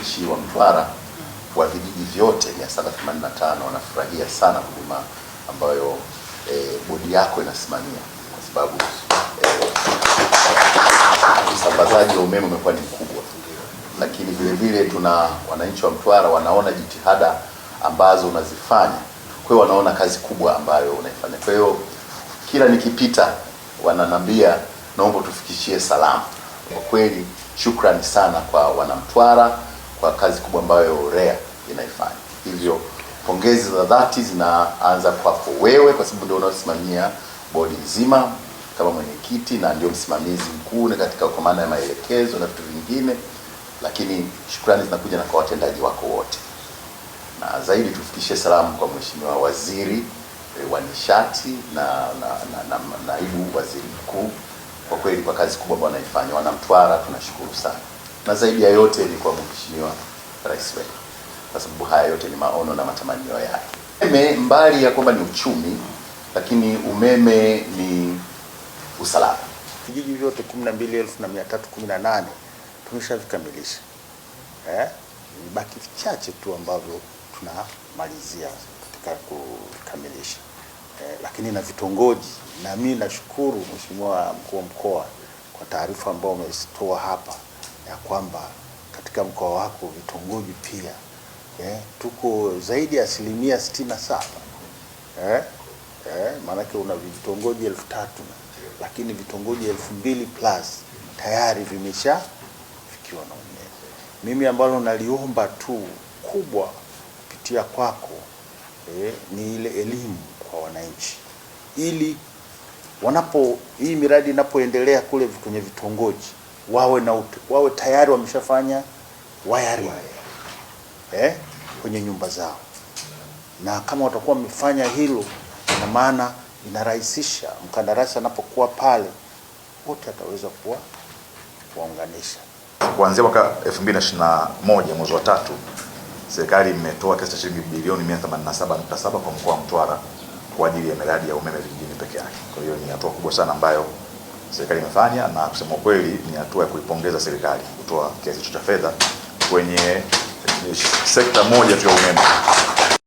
wananchi wa Mtwara wa vijiji vyote 185 wanafurahia sana huduma ambayo e, bodi yako inasimamia kwa sababu e, usambazaji wa umeme umekuwa ni mkubwa, lakini vile vile tuna wananchi wa Mtwara wanaona jitihada ambazo unazifanya, kwa hiyo wanaona kazi kubwa ambayo unaifanya. Kwa hiyo kila nikipita wananambia naomba tufikishie salamu. Kwa kweli shukrani sana kwa Wanamtwara kwa kazi kubwa ambayo REA inaifanya. Hivyo pongezi za dhati zinaanza kwako wewe, kwa sababu ndio unaosimamia bodi nzima kama mwenyekiti na ndio msimamizi mkuu na katika kwa maana ya maelekezo na vitu vingine, lakini shukrani zinakuja na kwa watendaji wako wote, na zaidi tufikishe salamu kwa Mheshimiwa Waziri eh, wa Nishati na na, na, na, na Naibu Waziri Mkuu, kwa kweli kwa kazi kubwa ambayo wanaifanya. Wanamtwara tunashukuru sana na zaidi ya yote ni kwa mheshimiwa rais wetu, kwa sababu haya yote ni maono na matamanio yake. Umeme mbali ya kwamba ni uchumi, lakini umeme ni usalama. Vijiji vyote 12318 tumeshavikamilisha eh, vibaki vichache tu ambavyo tunamalizia katika kukamilisha eh, lakini na vitongoji. Na mimi nashukuru mheshimiwa mkuu wa mkoa kwa taarifa ambayo umetoa hapa ya kwamba katika mkoa wako vitongoji pia eh, tuko zaidi ya asilimia sitini na saba eh, eh, maanake una vitongoji elfu tatu lakini vitongoji elfu mbili plus tayari vimeshafikiwa na umeme. Mimi ambalo naliomba tu kubwa kupitia kwako eh, ni ile elimu kwa wananchi ili wanapo hii miradi inapoendelea kule kwenye vitongoji wawe na wawe tayari wameshafanya wayari eh, kwenye nyumba zao, na kama watakuwa wamefanya hilo, ina maana inarahisisha mkandarasi anapokuwa pale, wote ataweza kuwa kuwaunganisha. Kuanzia mwaka 2021 mwezi wa tatu, serikali imetoa kiasi cha shilingi bilioni 187.7 kwa mkoa wa Mtwara kwa ajili ya miradi ya umeme vijijini peke yake. Kwa hiyo ni hatua kubwa sana ambayo serikali imefanya, na kusema kweli ni hatua ya kuipongeza serikali kutoa kiasi hicho cha fedha kwenye sekta moja tu ya umeme.